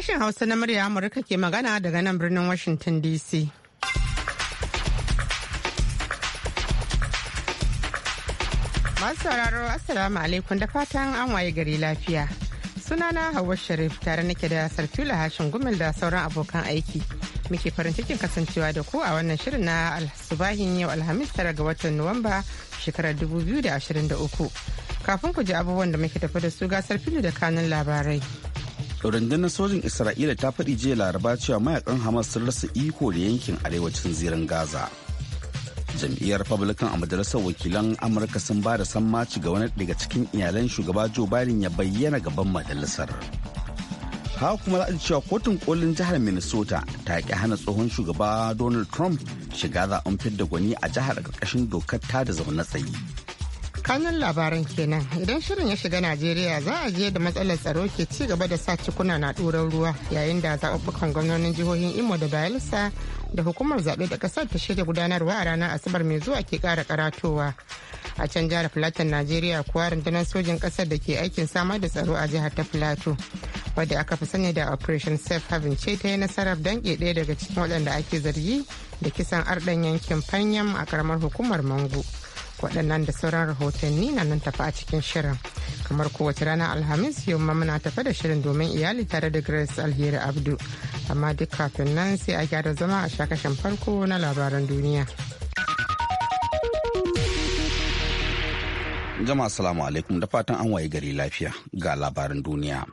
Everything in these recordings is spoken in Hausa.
Sashen Hausa na murya Amurka ke magana daga nan birnin Washington DC. Masu sauraro Assalamu alaikum da fatan an waye gari lafiya. Sunana Hauwa Sharif tare nake da Sartula Hashin Gumel da sauran abokan aiki. Muke farin cikin kasancewa da ku a wannan shirin na Alsubahin yau Alhamis tara ga watan Nuwamba shekarar dubu biyu da da ashirin uku. Kafin ku ji abubuwan da muke tafi da su gasar fili da kanun labarai. rundunar sojin isra'ila ta faɗi jiya laraba cewa mayakan hamas sun rasa iko da yankin arewacin zirin gaza jam'iyyar republican a majalisar wakilan amurka sun ba da sammaci ga wani daga cikin iyalan shugaba joe biden ya bayyana gaban majalisar haka kuma za a cewa kotun kolin jihar minnesota ta ki hana tsohon shugaba donald trump shiga zaben fidda gwani a jihar ƙarƙashin dokar ta da zaune tsaye kanan labaran kenan idan shirin ya shiga najeriya za a je da matsalar tsaro ke ci gaba da sa cikuna na ɗoran ruwa yayin da zaɓuɓɓukan gwamnonin jihohin imo da bayelsa da hukumar zaɓe da ƙasar ta shirya gudanarwa a ranar asabar mai zuwa ke ƙara karatowa a can jihar filatin najeriya kuwa rundunar sojin ƙasar da ke aikin samar da tsaro a jihar ta filato wadda aka fi sani da operation safe haven ce ta yi nasarar danƙe ɗaya daga cikin waɗanda ake zargi da kisan arɗan yankin fanyam a ƙaramar hukumar mangu. waɗannan da sauran rahotanni na nan tafi a cikin shirin kamar kowace rana alhamis yau muna tafe da shirin domin iyali tare da grace alheri abdu amma duk kafin nan sai a gyara zama a shakashin farko na labaran duniya jama'a salamu alaikum da fatan an waye gari lafiya ga labaran duniya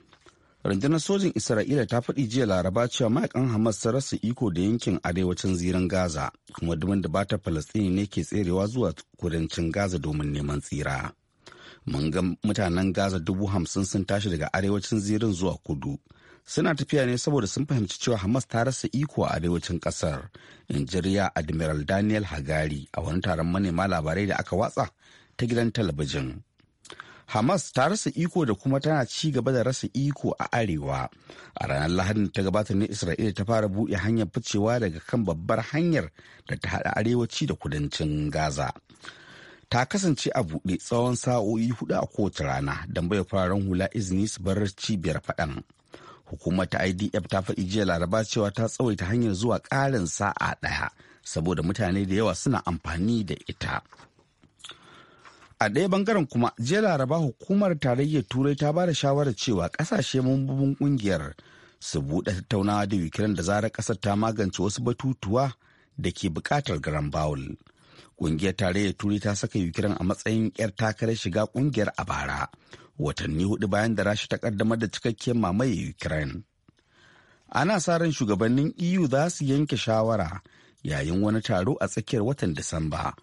rundunar sojin isra'ila ta faɗi jiya laraba cewa mayakan hamas sun rasa iko da yankin arewacin zirin gaza kuma dubin da bata falastini ne ke tserewa zuwa kudancin gaza domin neman tsira mun ga mutanen gaza dubu hamsin sun tashi daga arewacin zirin zuwa kudu suna tafiya ne saboda sun fahimci cewa hamas ta rasa iko a arewacin kasar injiriya admiral daniel hagari a wani taron manema labarai da aka watsa ta gidan talabijin Hamas ta rasa iko da kuma tana ci gaba da rasa iko a arewa. A ranar Lahadin ta gabata ne Isra'ila ta fara buɗe hanyar ficewa daga kan babbar hanyar da ta haɗa arewaci da kudancin Gaza. Ta kasance a buɗe tsawon sa'o'i hudu a kowace rana don bai fararen hula izini su bar cibiyar faɗan. Hukumar ta IDF ta faɗi jiya laraba cewa ta tsawaita hanyar zuwa ƙarin sa'a ɗaya saboda mutane da yawa suna amfani da ita. a ɗaya bangaren kuma jiya laraba hukumar tarayyar turai ta ba da shawarar cewa ƙasashe mambobin ƙungiyar su buɗe tattaunawa da ukraine da zarar ƙasar ta magance wasu batutuwa da ke buƙatar garan bawul ƙungiyar tarayyar turai ta saka ukraine a matsayin 'yar takarar shiga ƙungiyar a bara watanni hudu bayan da rasha ta kaddamar da cikakken mamaye ukraine ana sa ran shugabannin eu za su yanke shawara yayin wani taro a tsakiyar watan disamba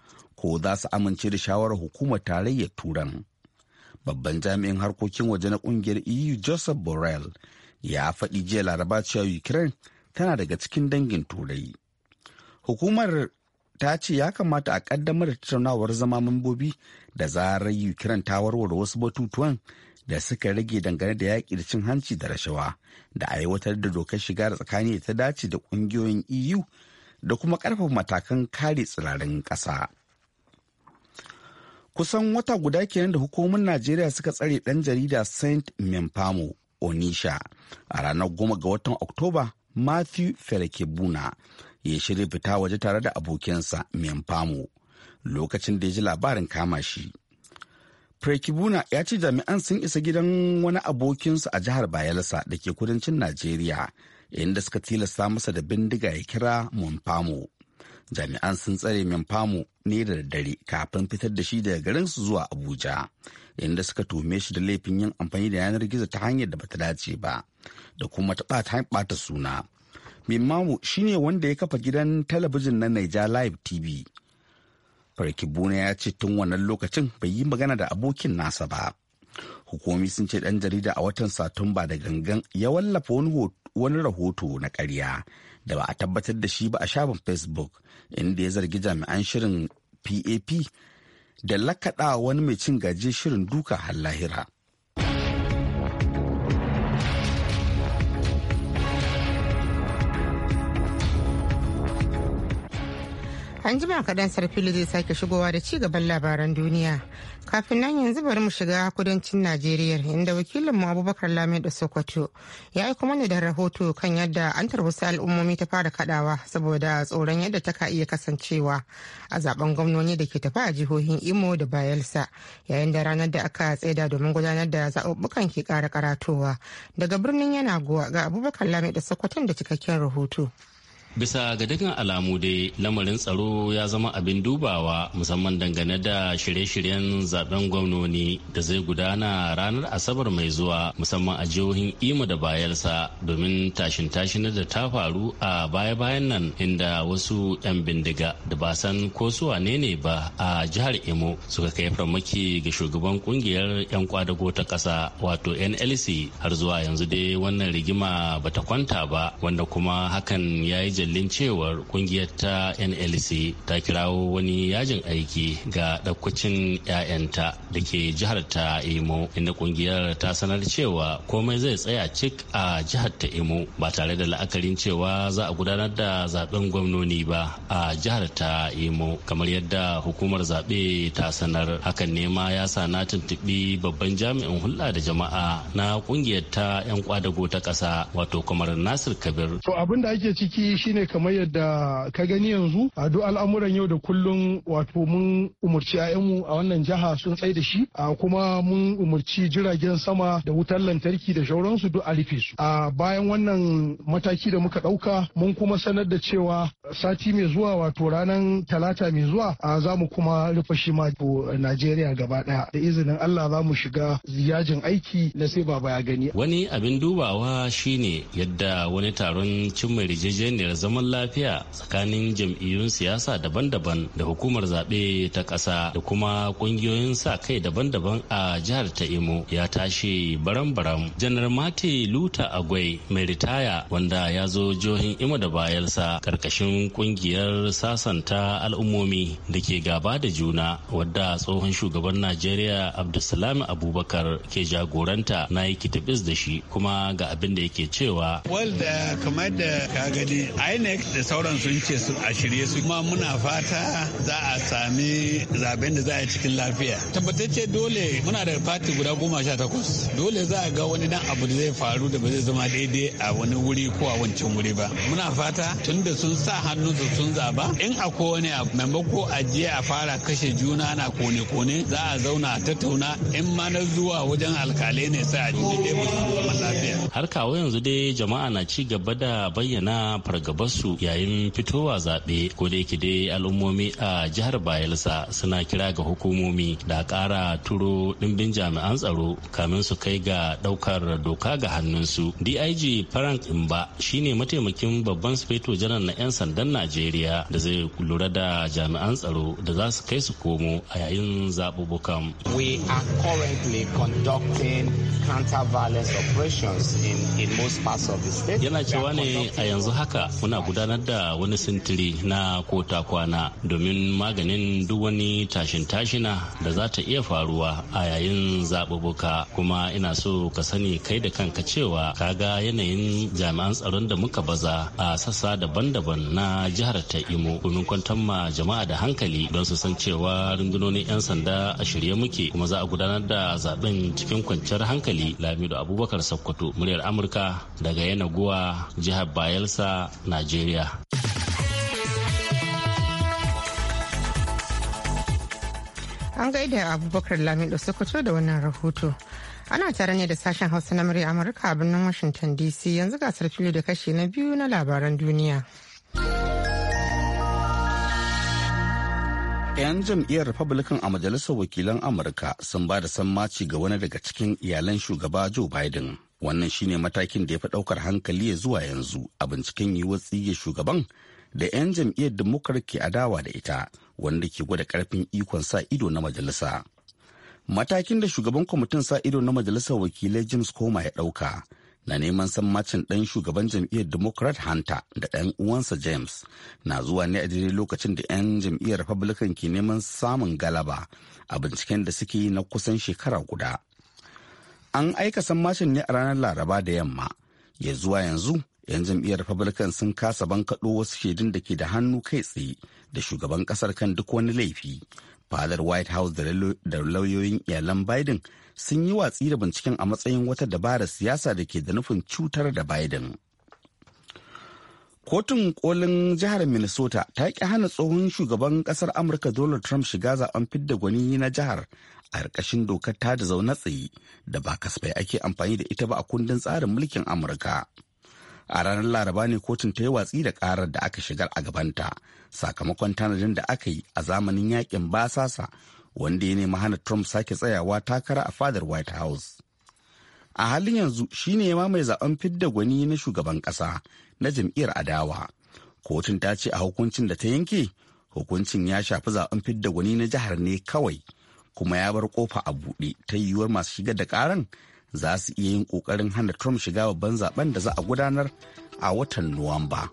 ko za su amince da shawarar hukumar tarayyar turan babban jami'in harkokin waje na kungiyar eu joseph borrell ya faɗi jiya laraba cewa ukraine tana daga cikin dangin turai hukumar ta ce ya kamata a kaddamar da tattaunawar zama mambobi da zarar ukraine ta warware wasu batutuwan da suka rage dangane da yaƙi da cin hanci da rashawa da aiwatar da dokar shiga da tsakani ta dace da ƙungiyoyin eu da kuma ƙarfafa matakan kare tsirarin ƙasa. kusan wata guda kenan da hukumomin najeriya suka tsare ɗan jarida saint memfamo onisha a ranar goma ga watan oktoba matthew felekebuna ya shirya fita waje tare da abokinsa memfamo lokacin da ya ji labarin kama shi Prekibuna ya ce jami'an sun isa gidan wani abokinsa a jihar Bayelsa da ke kudancin Najeriya, inda suka tilasta masa da bindiga ya kira Monfamo. jami'an sun tsare min famu ne da daddare kafin fitar da shi daga garin su zuwa Abuja inda suka tuhume shi da laifin yin amfani da yanar gizo ta hanyar da bata dace ba da kuma ta ɓata suna. shi shine wanda ya kafa gidan talabijin na Naija Live TV. Farkibuna ya ce tun wannan lokacin bai yi magana da abokin nasa ba. Hukumomi sun ce ɗan jarida a watan Satumba da gangan ya wallafa wani hoto wani rahoto na ƙarya da ba a tabbatar da shi ba a shafin facebook inda ya zargi jami'an shirin pap da lakaɗa wani mai cin gaje shirin duka har lahira An jima kaɗan sarfili zai sake shigowa da ci gaban labaran duniya. Kafin nan yanzu bari mu shiga kudancin Najeriya inda wakilinmu Abubakar Lami da Sokoto ya yi kuma ne da rahoto kan yadda an tarbusa al'ummomi ta fara kadawa saboda tsoron yadda ta ka iya kasancewa a zaben gwamnoni da ke tafi a jihohin Imo da Bayelsa yayin da ranar da aka tsaida domin gudanar da zaɓuɓɓukan ke ƙara karatowa. Daga birnin yana guwa ga Abubakar Lami da Sokoton da cikakken rahoto. bisa ga dukkan alamu dai lamarin tsaro ya zama abin dubawa musamman dangane da shirye-shiryen zaben gwamnoni da zai gudana ranar asabar mai zuwa musamman a jihohin imo da bayelsa domin tashin tashin da ta faru a baya-bayan nan inda wasu 'yan bindiga da ba san ko su wane ne ba a jihar imo suka kai farmaki ga shugaban kungiyar 'yan kwadago ta ƙasa wato nlc har zuwa yanzu dai wannan rigima bata kwanta ba wanda kuma hakan ya yi jallin cewar kungiyar ta nlc ta kirawo wani yajin aiki ga ɗaukacin 'ya'yanta da ke jihar ta imo inda kungiyar ta sanar cewa komai zai tsaya cik a jihar ta imo ba tare da la'akarin cewa za a gudanar da zaben gwamnoni ba a jihar ta imo kamar yadda hukumar zaɓe ta sanar hakan ne ma ya sa na tuntuɓi babban jami'in hulɗa da jama'a na kungiyar ta 'yan kwadago ta ƙasa wato kamar nasir kabir to abin da ake ciki shi shine kamar yadda ka gani yanzu a duk al'amuran yau da kullum wato mun umurci mu a wannan jiha sun tsaye da shi a kuma mun umarci jiragen sama da wutar lantarki da shauransu duk a rufe su a bayan wannan mataki da muka ɗauka mun kuma sanar da cewa sati mai zuwa wato ranar talata mai zuwa a za mu kuma rufe shi ma najeriya gaba ɗaya da izinin allah za mu shiga ziyajin aiki na sai baba ya gani wani abin dubawa shine yadda wani taron cimma yarjejeniyar zaman lafiya tsakanin jam'iyyun siyasa daban-daban da hukumar zaɓe ta ƙasa da kuma ƙungiyoyin sa kai daban-daban a jihar ta Imo ya tashi baram-baram. Janar Mate Luta Agwai mai ritaya wanda ya zo jihohin Imo da bayansa ƙarƙashin ƙungiyar sasanta al'ummomi da ke gaba da juna wadda tsohon shugaban Najeriya Abdulsalam Abubakar ke jagoranta na yi kitabis da shi kuma ga abin da yake cewa. inec da sauran sun ce su a shirye su kuma muna fata za a sami zaben da za a cikin lafiya tabbatacce dole muna da fati guda goma sha takwas dole za a ga wani dan abu da zai faru da ba zai zama daidai a wani wuri ko a wancan wuri ba muna fata tun da sun sa hannu su sun zaba in akwai wani abu maimako a jiya a fara kashe juna na kone-kone za a zauna a tattauna in ma na zuwa wajen alkalai ne sai a ji daidai mutum zaman lafiya har kawo yanzu dai jama'a na ci gaba da bayyana fargaba su yayin fitowa zaɓe ko da yake dai al'ummomi a jihar bayelsa suna kira ga hukumomi da ƙara turo ɗimbin jami'an tsaro kamin su kai ga ɗaukar doka ga hannunsu dig frank imba shine mataimakin babban sufeto janar na 'yan sandan najeriya da zai lura da jami'an tsaro da za su kai su komo a yayin zaɓuɓɓukan we are currently conducting counter operations in, in yana cewa ne a yanzu haka muna gudanar da wani sintiri na kota kwana domin maganin duk wani tashin tashina da za ta iya faruwa a yayin zaɓuɓɓuka kuma ina so ka sani kai da kanka cewa ka ga yanayin jami'an tsaron da muka baza a sassa daban-daban na jihar ta imo domin kwantar ma jama'a da hankali don su san cewa rundunonin 'yan sanda a shirye muke kuma za a gudanar da zaɓen cikin kwanciyar hankali lamido abubakar sokoto muryar amurka daga yanaguwa jihar bayelsa Najeriya. An gaida Abubakar Lamido Sokoto da wannan rahoto. Ana tare ne da sashen Hausa na murya Amurka a birnin Washington DC yanzu gasar fili da kashi na biyu na labaran duniya. 'yan jam'iyyar republican a majalisar wakilan amurka sun ba da sammaci ga wani daga cikin iyalan shugaba joe biden wannan shine matakin da ya fi ɗaukar hankali ya zuwa yanzu a binciken yiwuwar tsige shugaban da 'yan jam'iyyar dimokar ke adawa da ita wanda ke gwada karfin ikon sa ido na majalisa matakin da shugaban kwamitin sa ido na majalisar wakilai james koma ya ɗauka na neman sammacin ɗan shugaban jam'iyyar democrat hunter da ɗan uwansa james na zuwa ne a daidai lokacin da 'yan jam'iyyar republican ke neman samun galaba a binciken da suke yi na kusan shekara guda an aika sammashin ne a ranar laraba da yamma ya zuwa yanzu yan jam'iyyar republican sun kasa bankaɗo wasu shaidun da ke da hannu kai tsaye da shugaban ƙasar kan duk wani laifi fadar white house da lauyoyin iyalan biden sun yi watsi da binciken a matsayin wata dabarar siyasa da ke da nufin cutar da biden Kotun kolin jihar Minnesota ta ƙi hana tsohon shugaban ƙasar Amurka Donald Trump shiga zaɓen fidda gwani na jihar a ƙarƙashin dokar ta da zaune tsaye da ba kasafai ake amfani da ita ba a kundin tsarin mulkin Amurka. A ranar Laraba ne kotun ta yi watsi da ƙarar da aka shigar a gabanta sakamakon tanadin da aka yi a zamanin yakin basasa wanda ya nemi hana Trump sake tsayawa takara a fadar White House. a halin yanzu shine ya mai zaɓen fidda gwani na shugaban ƙasa. na jam'iyyar adawa kotun ta ce a hukuncin da ta yanke hukuncin ya shafi zaben fidda gwani na jihar ne kawai kuma ya bar kofa a buɗe ta yiwuwar masu shiga da karan za su iya yin ƙoƙarin hana trump shiga babban zaben da za a gudanar a watan nuwamba.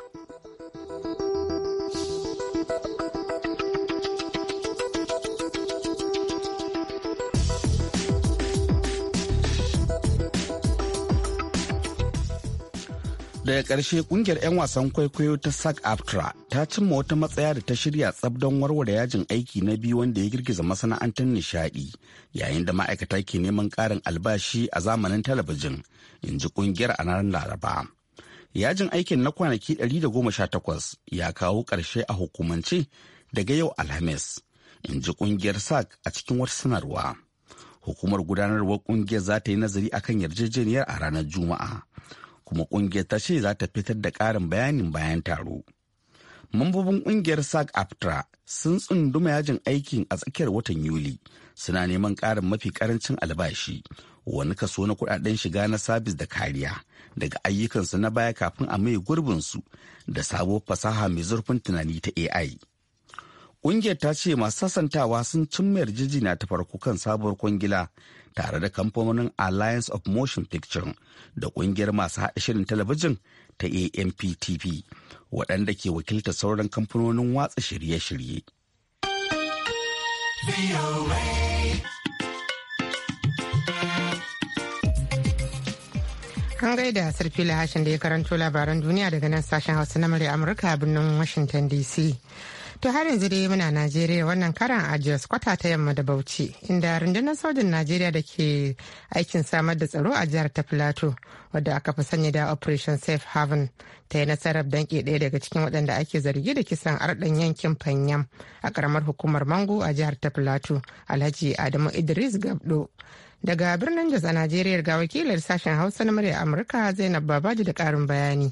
daga ƙarshe ƙungiyar 'yan wasan kwaikwayo ta sac aftra ta cimma wata matsaya da ta shirya tsab don warware yajin aiki na biyu wanda ya girgiza masana'antar nishaɗi yayin da ma'aikata ke neman ƙarin albashi a zamanin talabijin in ji kungiyar a ranar laraba yajin aikin na kwanaki 118 ya kawo ƙarshe a hukumance daga yau alhamis in ji ƙungiyar sac a cikin wata sanarwa hukumar gudanarwar ƙungiyar za ta yi nazari akan yarjejeniyar a ranar juma'a kuma kungiyar ta ce za ta fitar da ƙarin bayanin bayan taro. Mambobin kungiyar sac AFTRA sun tsunduma yajin aikin a tsakiyar watan Yuli suna neman ƙarin mafi ƙarancin albashi wani kaso na kudaden shiga na sabis da kariya daga ayyukansu na baya kafin a mai gurbinsu da sabuwar fasaha mai zurfin tunani ta AI. Ƙungiyar ta ce masu sasantawa sun cimma yarjejeniya ta farko kan sabuwar kwangila tare da kamfanonin alliance of motion picture da kungiyar masu haɗa shirin talabijin ta amptv waɗanda ke wakilta sauran kamfanonin watsa shirye-shirye an gaida sarfi lahashin da ya karanto labaran duniya daga nan sashen hausa na murya amurka a birnin washington dc To har yanzu dai muna Najeriya wannan karan a Jos kwata ta yamma da Bauchi inda rundunar sojin Najeriya da ke aikin samar da tsaro a jihar ta Plateau wadda aka fi sanya da Operation Safe Haven ta yi nasarar danke ɗaya daga cikin waɗanda ake zargi da kisan arɗan yankin Fanyam a ƙaramar hukumar Mango a jihar ta Plateau Alhaji Adamu Idris Gabdo. Daga birnin Jos a Najeriya ga wakilar sashen Hausa na murya Amurka Zainab Babaji da ƙarin bayani.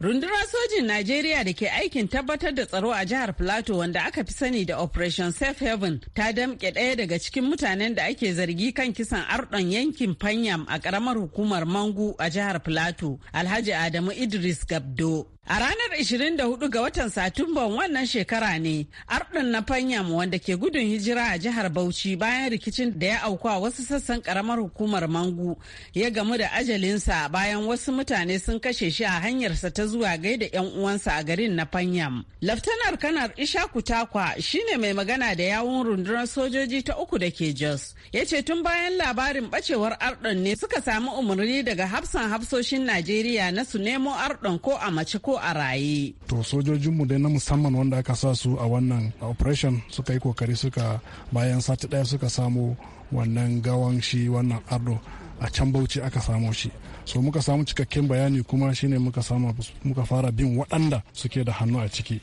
Rundunar sojin Najeriya da ke aikin tabbatar da tsaro a jihar Filato wanda aka fi sani da Operation Safe Haven ta damƙe ɗaya daga cikin mutanen da ake zargi kan kisan arɗon yankin Fanyam a ƙaramar hukumar Mangu a jihar Filato, Alhaji Adamu Idris Gabdo. A ranar 24 ga watan Satumban wannan shekara ne, Arɗin na Fanyam wanda ke gudun hijira a jihar Bauchi bayan rikicin da ya auku a wasu sassan karamar hukumar Mangu ya gamu da ajalinsa bayan wasu mutane sun kashe shi a hanyarsa ta zuwa gaida 'yan uwansa a garin na Fanyam. Laftanar Kanar Ishaku Takwa shine mai magana da yawun rundunar sojoji ta uku da ke Jos. Ya ce tun bayan labarin ɓacewar arɗin ne suka samu umarni daga hafsan hafsoshin Najeriya na su nemo arɗin ko a mace ko a raye. To sojojinmu dai na musamman wanda aka sa su a wannan operation suka yi kokari suka bayan sati daya suka samu wannan gawan shi wannan ardo a can bauchi aka samu shi so muka samu cikakken bayani kuma shine muka samu muka fara bin waɗanda suke da hannu a ciki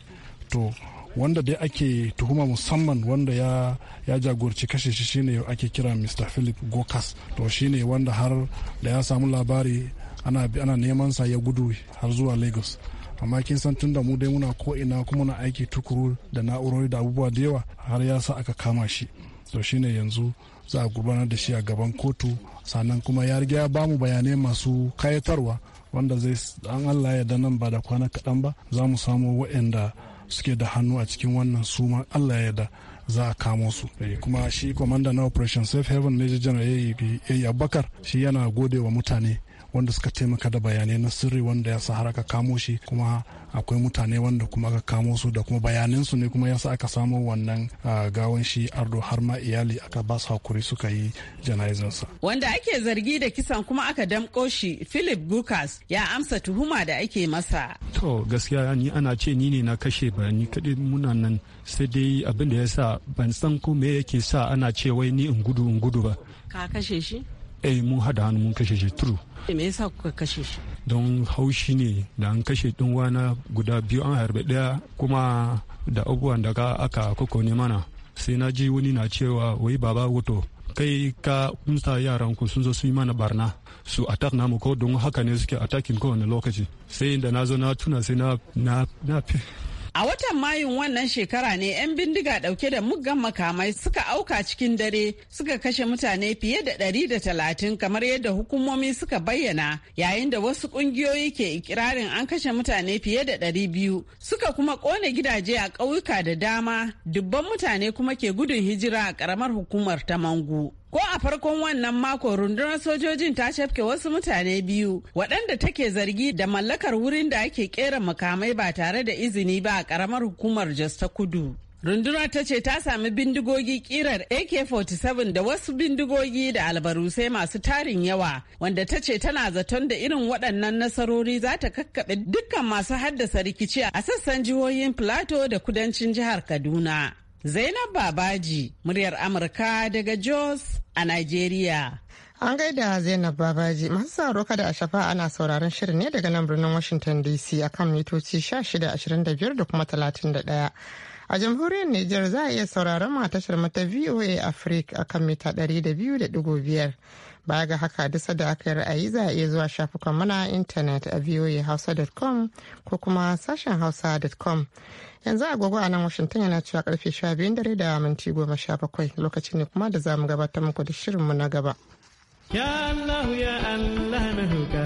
to wanda dai ake tuhuma musamman wanda ya, ya jagorci kashe shi shine ake kira mr philip gokas to shine wanda har da ya samu labari ana, ana neman sa ya gudu har zuwa lagos amma kin san tun da mu dai muna ko ina kuma na aiki tukuru da na'urori da abubuwa da yawa har ya sa aka kama shi to shine yanzu za a gurbanar da shi a gaban kotu sannan kuma ya riga ya bamu bayanai masu kayatarwa wanda zai an Allah ya da nan ba da kwana kaɗan ba za mu samu waɗanda suke da hannu a cikin wannan suma Allah ya da za a kamo su eh, kuma shi commander na operation safe haven major general ya yi abubakar shi yana gode wa mutane wanda suka taimaka da bayanai na sirri wanda ya sa har aka kamo shi kuma akwai mutane wanda kuma aka kamo su da kuma bayanansu ne kuma ya sa aka samu wannan gawon shi ardo har ma iyali aka ba su hakuri suka yi jana'izansa. Wanda ake zargi da kisan kuma aka damko shi Philip gukas ya amsa tuhuma da ake masa. To gaskiya ni ana ce ni ne na kashe ba ni muna nan sai dai abin da ya sa ban san ko me yake sa ana ce wai ni in gudu in gudu ba. Ka kashe shi? eh mun hada hannu mun kashe shi turu me yasa kuka kashe shi don haushi ne da an kashe din wana guda biyu an harbe daya kuma da abubuwan da ka aka koko ne mana sai na ji wani na cewa wai baba wato kai ka kunsa yaran ku sun zo su yi mana barna su attack namu ko don haka ne suke attacking kowane lokaci sai da na zo na tuna sai na na A watan Mayun wannan shekara ne 'yan bindiga ɗauke da muggan makamai suka auka cikin dare suka kashe mutane fiye da ɗari da talatin kamar yadda hukumomi suka bayyana yayin da wasu ƙungiyoyi ke ikirarin an kashe mutane fiye da ɗari biyu suka kuma ƙone gidaje a ƙauyuka da dama dubban mutane kuma ke gudun hijira a ƙaramar hukumar ta Mangu. Ko a farkon wannan mako rundunar sojojin ta shafke wasu mutane biyu waɗanda take zargi da mallakar wurin da ake kera makamai ba tare da izini ba a ƙaramar hukumar Jos ta Kudu. Rundunar ta ce ta sami bindigogi kirar AK-47 da wasu bindigogi da albarusai masu tarin yawa wanda ta ce tana zaton da irin waɗannan nasarori za ta kakkaɓe dukkan masu haddasa rikici a sassan jihohin Plateau da kudancin jihar Kaduna. Zainab Babaji, muryar Amurka daga Jos a nigeria. An gaida Zainab Babaji masu tsaro kada a shafa ana sauraron shirin ne daga nan birnin Washington DC akan mitoci 1625 da kuma 31. A jamhuriyar Nijar za a iya sauraron matashar mata VOA Africa akan mita 200.5. Baya ga haka dusa da aka yi ra'ayi za a iya zuwa shafukan mana intanet a voahausa.com ko kuma sashen hausa.com. yanzu agogo a nan washington yana cewa karfe 12 dare da minti 17 lokacin ne kuma da za mu gabatar muku da shirinmu na gaba ya allah ya allah na roka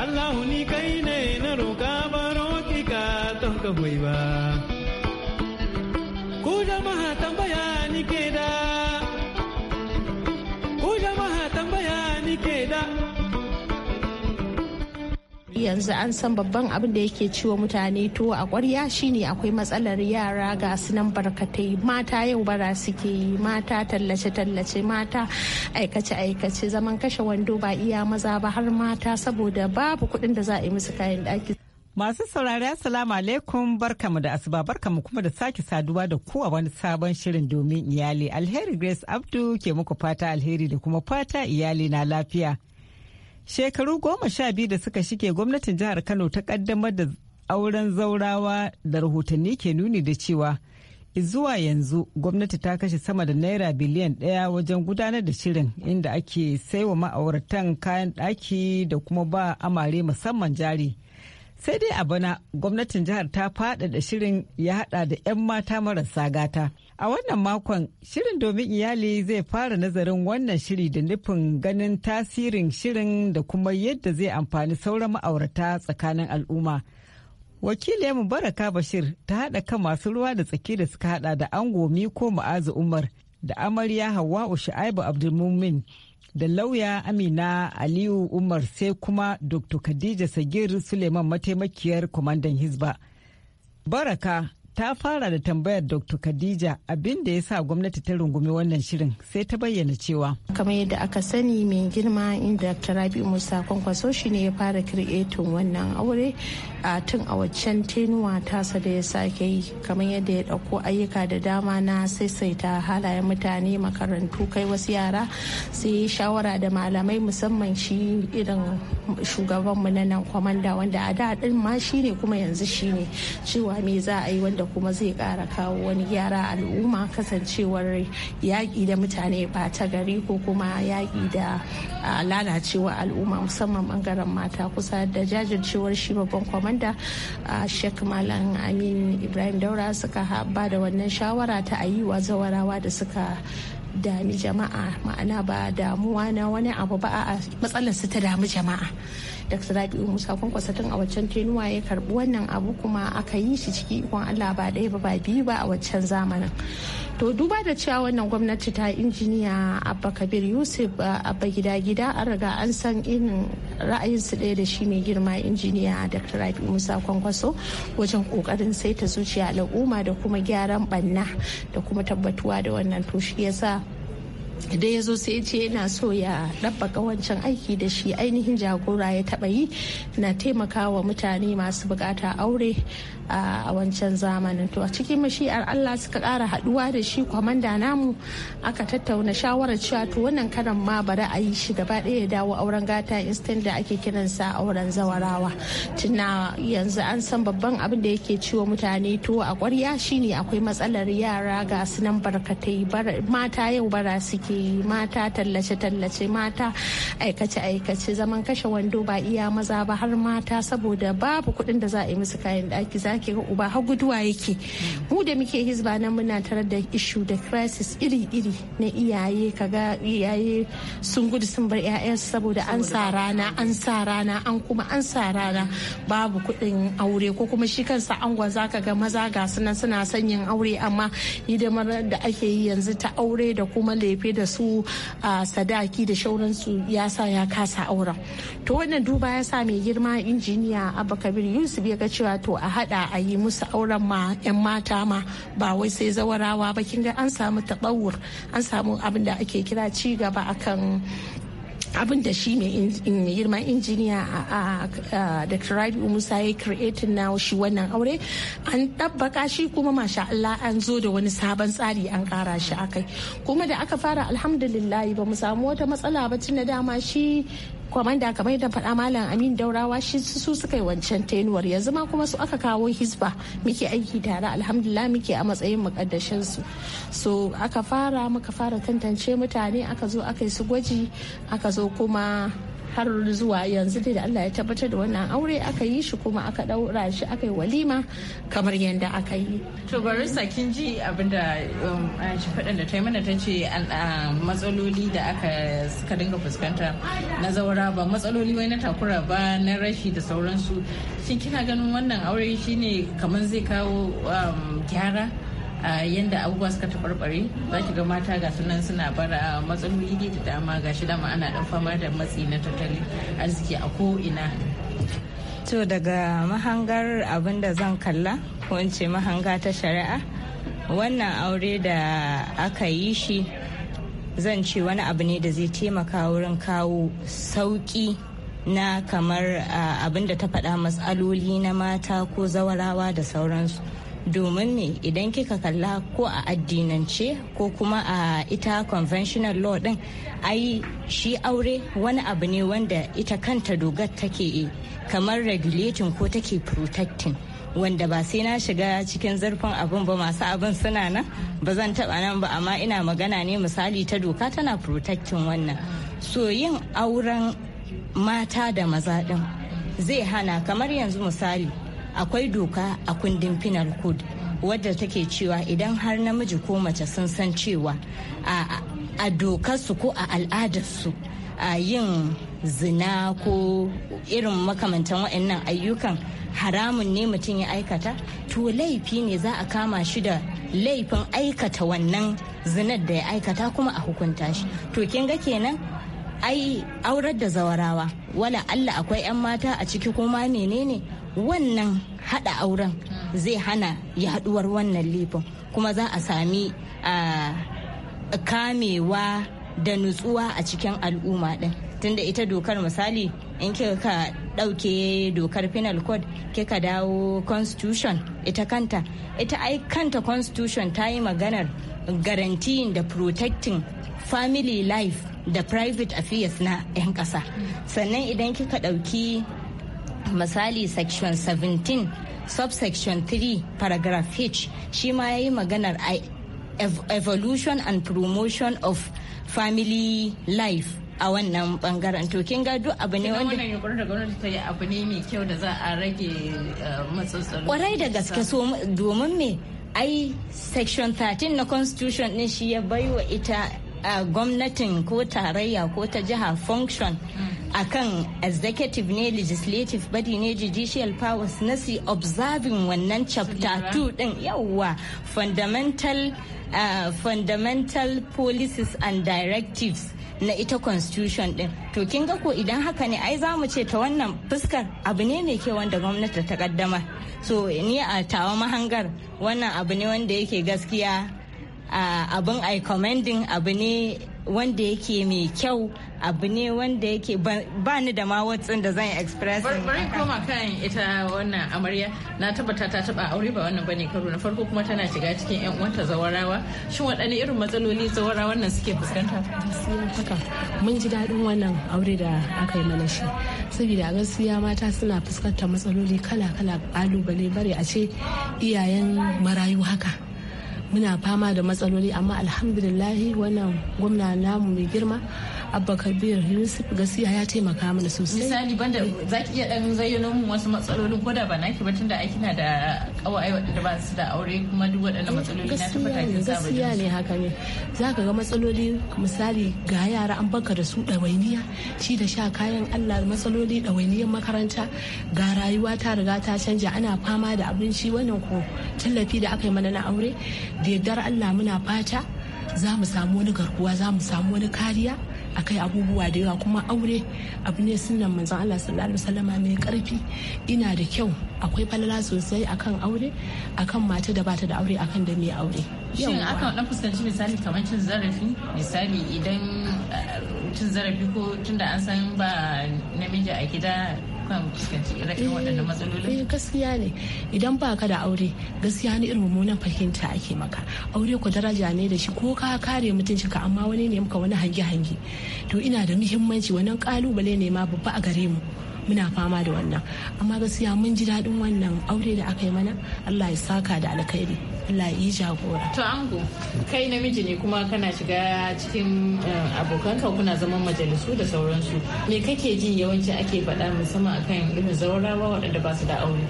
allah ni kai ne na roka baro ki ka ka ba ku jama'a tambaya ni ke yanzu an san babban abin da yake ciwo mutane to a ƙwarya shine akwai matsalar yara ga sunan barkatai mata yau bara suke yi mata tallace-tallace mata aikace-aikace zaman kashe wando ba iya maza ba har mata saboda babu kuɗin da za a yi musu kayan ɗaki. Masu saurari Assalamu alaikum barkamu da asuba barkamu kuma da sake saduwa da kowa wani sabon shirin domin iyali. Alheri Grace Abdu ke muku fata alheri da kuma fata iyali na lafiya. Shekaru goma sha biyu da suka shige gwamnatin jihar Kano ta kaddamar da auren zaurawa da rahotanni ke nuni da cewa zuwa yanzu gwamnati ta kashe sama da naira biliyan ɗaya wajen gudanar da shirin inda ake saiwa ma'auratan kayan daki da kuma ba amare musamman jari. sai dai a bana gwamnatin jihar ta faɗaɗa shirin ya haɗa da 'yan mata marasa gata. A wannan makon shirin domin iyali zai fara nazarin wannan shiri da nufin ganin tasirin shirin da kuma yadda zai amfani sauran ma'aurata tsakanin al'umma. Wakiliyar Baraka Bashir ta haɗa kan masu ruwa da tsaki da suka haɗa da ango ko Ma'azu Umar da amarya Hawwa'u Shu'aibu Abdulmumin da lauya Amina Aliyu Umar sai kuma Dr. Khadija Sagir Suleiman mataimakiyar kwamandan Hizba. Baraka ta fara da tambayar dr khadija abin da ya sa gwamnati ta rungumi wannan shirin sai ta bayyana cewa kamar yadda aka sani mai girma inda dr rabi musa kwankwaso shi ne ya fara kiretin wannan aure a tun a waccan tenuwa tasa da ya sake yi kamar yadda ya ɗauko ayyuka da dama na saisaita halayen mutane makarantu kai wasu yara sai shawara da malamai musamman shi irin shugabanmu na nan kwamanda wanda a da ma shi ne kuma yanzu shi ne cewa me za a yi wanda da kuma zai kara kawo wani gyara al'umma kasancewar yaƙi da mutane ba ta gari ko kuma yaƙi da lalacewa al'umma musamman bangaren mata kusa da jajircewar shi babban kwamanda sheikh malam amin ibrahim daura suka ba da wannan shawara ta ayiwa zawarawa da suka dami jama'a ma'ana ba damuwa na wani abu ba a matsalar su ta damu jama'a dr rabi'u musa kwankwasa tun a waccan tenuwa ya karbi wannan abu kuma aka yi shi ciki ikon allah ba ɗaya ba biyu ba a waccan zamanin to duba da cewa wannan gwamnati ta injiniya abba kabir yusuf uh, abba gida gida an riga an san irin ra'ayinsu ɗaya da shi mai girma injiniya dr rabi'u musa kwankwaso wajen kokarin saita zuciya al'umma da kuma gyaran banna da kuma tabbatuwa da wannan to shi yasa da ya zo sai ce yana so ya ɗabbaka wancan aiki da shi ainihin jagora ya taɓa yi na taimakawa mutane masu bukata aure a wancan zamanin to a cikin mashi'ar allah suka kara haɗuwa da shi kwamanda namu aka tattauna shawarar cewa to wannan karan ma bari a yi shi gaba ɗaya ya dawo auren gata instan da ake kiransa auren zawarawa tuna yanzu an san babban abin da yake ciwo mutane to a ƙwarya shine akwai matsalar yara ga sunan barkatai mata yau bara suke ake mata tallace-tallace mata aikace-aikace zaman kashe wando ba iya maza ba har mata saboda babu kuɗin da za a yi musu kayan ɗaki za ki ga uba har guduwa yake mu da muke hizba nan muna tare da ishu da crisis iri-iri na iyaye kaga iyaye sun gudu sun bar 'ya'yansu saboda an sa rana an sa rana an kuma an sa rana babu kuɗin aure ko kuma shi kansa angon zaka ga maza ga sunan suna son yin aure amma hidimar da ake yi yanzu ta aure da kuma lefe da da su a sadaki da shauransu ya sa ya kasa auren to wannan duba ya sa mai girma injiniya abba kabir yusuf ya ga cewa to a hada a yi musu auren ma yan mata ma ba wai sai zawarawa ba kin ga an samu tabawur an samu abin da ake kira ci gaba akan abin da shi mai girman injiniya a dr Rabi'u musa ya creating na shi wannan aure an ɗabbaka shi kuma masha Allah an zo da wani sabon tsari an ƙara shi akai kuma da aka fara alhamdulillah ba mu samu wata matsala ba tun da dama shi kwamanda kamar yadda faɗa malam amin daurawa shi su suka yi wancan tenuwar yanzu ma kuma su aka kawo hisba muke aiki tare alhamdulillah muke a matsayin mukaddashin su so aka fara muka fara tantance mutane aka zo aka yi su gwaji aka zo kuma har zuwa yanzu dai da Allah ya tabbatar da wannan aure aka yi shi kuma aka daura shi aka yi walima kamar yadda aka yi. To barista kin ji abinda um, shi faɗin da ta yi mana ta ce uh, matsaloli da aka suka dinga fuskanta na zaura ba matsaloli wai na takura ba na rashi da sauransu. Shin kina ganin wannan aure shine kamar zai kawo um, gyara? a yadda abubuwa suka taɓarɓare za ki ga mata ga sunan suna bara matsaloli da dama ga shi dama ana dan fama da matsi na tattalin arziki a ko ina. to daga mahangar abin da zan kalla ko in ce mahanga ta shari'a wannan aure da aka yi shi zan ce wani abu ne da zai taimaka wurin kawo sauƙi na kamar abin da ta faɗa matsaloli na mata ko zawarawa da sauransu domin me idan kika kalla ko a addinance ko kuma a ita conventional law din ai shi aure wani abu ne wanda ita kanta dogar take kamar regulating ko take protecting wanda ba sai na shiga cikin zurfin abin ba masu abin suna nan ba zan taba nan ba amma ina magana ne misali ta doka tana protecting wannan so yin auren mata da maza din zai hana kamar yanzu misali akwai doka a kundin penal code wadda take cewa idan har namiji ko mace sun san cewa a dokarsu ko a al'adarsu a yin zina ko irin makamantan waɗannan ayyukan haramun ne mutum ya aikata to laifi ne za a kama shi da laifin aikata wannan zinar da ya aikata kuma a hukunta shi to kin ga kenan ai aurar da zawarawa wala Allah akwai 'yan mata a ciki kuma menene wannan hada auren zai hana yaduwar wannan laifin kuma za a sami kamewa da nutsuwa a cikin al'umma din tunda ita dokar misali in kika ɗauke dokar penal code kika dawo constitution ita kanta ita ai kanta constitution ta yi maganar guaranteeing da protecting family life da private affairs na 'yan ƙasa sannan idan kika ɗauki misali section 17 subsection 3 paragraph h shi ma ya yi maganar evolution and promotion of family life a wannan bangaren to kin ga duk abu ne wanda wannan yunkurin da gwamnati ta yi abu ne mai kyau da za a rage eh, matsatsalo kwarai da gaske so domin me ai section 13 na constitution din shi ya baiwa ita a eh, gwamnatin ko tarayya ko ta jiha function mm. akan executive ne legislative body ne judicial powers na si observing wannan chapter 2 din yawwa fundamental uh, fundamental policies and directives na ita constitution din to kin ga ko idan haka ne ai za mu ce ta wannan fuskar abu ne mai kyau wanda gwamnati ta kaddama so ni a tawa mahangar wannan abu ne wanda yake gaskiya uh, abin i commending abu ne wanda yake mai kyau abu ne wanda yake ba ni da mawatsin da zan express bari koma kan ita wannan amarya na tabbata ta taba aure ba wannan bane karo na farko kuma tana shiga cikin yan uwanta zawarawa shin waɗanne irin matsaloli zawarawa wannan suke fuskanta haka mun ji daɗin wannan aure da aka yi mana shi saboda gaskiya mata suna fuskantar matsaloli kala-kala kalubale bare a ce iyayen marayu haka muna fama da matsaloli amma alhamdulillahi wannan gwamna namu mai girma abba kabir yusuf gaskiya ya taimaka mana sosai misali banda za ki iya dan zayyano mun wasu matsaloli ko da ba naki ba tunda kina da kawai wadanda ba su da aure kuma duk wadannan matsaloli na tabbata kin saba gaskiya ne haka ne za ka ga matsaloli misali ga yara an baka da su dawainiya ci da sha kayan allah matsaloli dawainiyan makaranta ga rayuwa ta riga ta canja ana fama da abinci wannan ko tallafi da aka yi mana na aure da yardar allah muna fata za mu samu wani garkuwa za mu samu wani kariya akai abubuwa da yawa kuma aure abu ne sunan manzon Allah sallallahu alaihi mai karfi ina da kyau akwai falala sosai akan aure akan mata da bata da aure akan da mai aure shin akan dan fuskanci misali kamar cin zarafi misali idan eh, cin zarafi ko tunda an san ba namiji a gida kuka fuskanci matsalolin? Eh gaskiya ne idan ba ka da aure gaskiya ne irin mummunan fahimta ake maka aure ku daraja ne da shi ko ka kare mutunci ka amma wani ne maka wani hangi hangi. to ina da muhimmanci wannan kalubale ne ma babba a gare mu. muna fama da wannan amma gaskiya mun ji daɗin wannan aure da aka yi mana allah ya saka da alkhairi Allah jagora. To ango kai namiji ne kuma kana shiga cikin eh, abokanka kuna zaman majalisu da sauransu. Me kake jin yawanci ake faɗa musamman akan irin zaurawa waɗanda ba su da aure?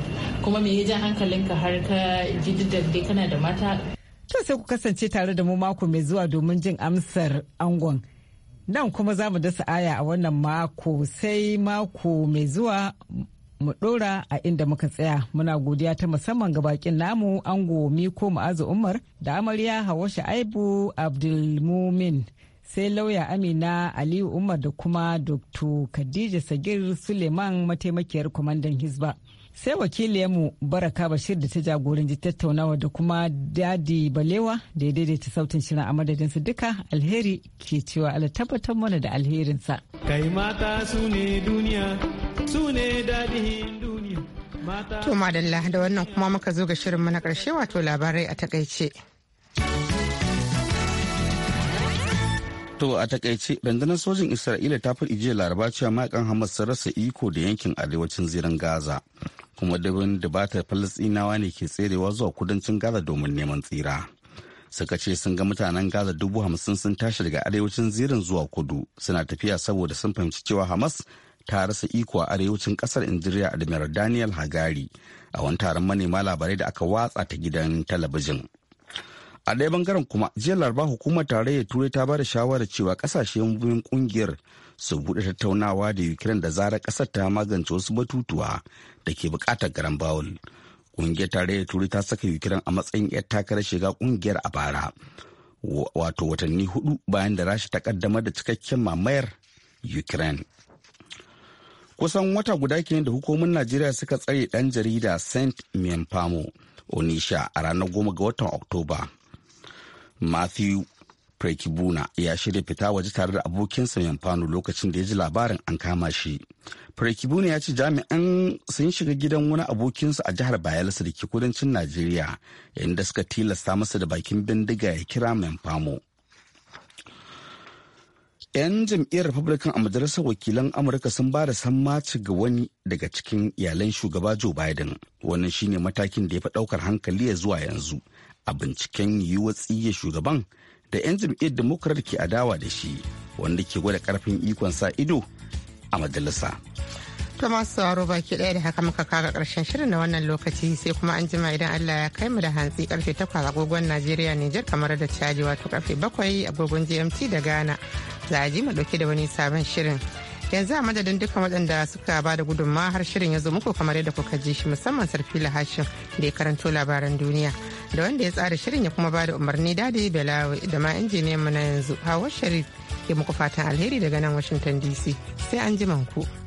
Kuma me ya ja hankalinka har ka ji dai kana da mata? To sai ku kasance tare da mu mako mai zuwa domin jin amsar angon. Nan kuma za mu dasa aya a wannan mako sai mako mai zuwa mu ɗora a inda muka tsaya muna godiya ta musamman ga bakin namu ango miko ma'azu umar da amarya hawa sha'aibu abdulmumin sai lauya amina aliyu umar da kuma dr khadija sagir suleiman mataimakiyar kwamandan hisba sai wakiliyarmu baraka bashir da ta jagoranci tattaunawa da kuma dadi balewa da ya daidaita sautin shirin a madadinsu duka alheri ke cewa ala tabbatar mana da alherinsa kai mata su ne duniya su ne dadihin duniya mata to madalla da wannan kuma muka zo ga shirin na karshe wato labarai a takaice To a takaice rundunar sojin Isra'ila ta fi jiya laraba cewa mayakan Hamas sun rasa iko da yankin arewacin zirin Gaza kuma dabin da bata Falasɗinawa ne ke tserewa zuwa kudancin Gaza domin neman tsira. Suka ce sun ga mutanen Gaza dubu hamsin sun tashi daga arewacin zirin zuwa kudu suna tafiya saboda sun fahimci cewa Hamas ta rasa iko a arewacin kasar Indiriya Admiral Daniel Hagari a wani taron manema labarai da aka watsa ta gidan talabijin. a ɗaya bangaren kuma jiya laraba hukumar tarayyar turai ta bada shawarar cewa kasashen biyun ƙungiyar su buɗe tattaunawa da ukraine da zarar ƙasar ta magance wasu batutuwa da ke buƙatar garan bawul ƙungiyar tarayyar turai ta saka ukraine a matsayin 'yar takarar shiga ƙungiyar a bara wato watanni hudu bayan da rasha ta kaddamar da cikakken mamayar ukraine kusan wata guda kenan da hukumomin najeriya suka tsare dan jarida saint miamfamo onisha a ranar goma ga watan oktoba matthew Prekibuna ya shirya fita waje tare da abokinsa fano lokacin da ya ji labarin an kama shi. Prekibuna ya ce jami'an sun shiga gidan wani abokinsa a jihar Bayelsa da ke kudancin Najeriya inda suka tilasta masa da bakin bindiga ya kira mai Yamfamo. 'Yan jam'iyyar Republican a majalisar wakilan Amurka sun ba da sammaci ga wani daga cikin iyalan shugaba Joe Biden. Wannan shine matakin da ya fi ɗaukar hankali ya zuwa yanzu. a binciken yiwuwar tsiye shugaban da 'yan jam'iyyar democrat ke adawa da shi wanda ke gwada karfin ikon sa ido a majalisa. Thomas Sauro baki ɗaya da haka muka kaga karshen shirin na wannan lokaci sai kuma an jima idan Allah ya kai mu da hantsi karfe takwas agogon Najeriya Nijar kamar da caji wato karfe bakwai agogon GMT da Ghana. Za a ji mu ɗauki da wani sabon shirin. Yanzu a madadin dukkan waɗanda suka ba da gudunma har shirin ya zo muku kamar yadda kuka ji shi musamman Sarfila Hashim da ya karanto labaran duniya. da wanda ya tsara shirin ya kuma ba da umarni dadi belawi da ma injiniyan mu na yanzu hawa sharif ke muku fatan alheri daga nan washington dc sai an ji ku.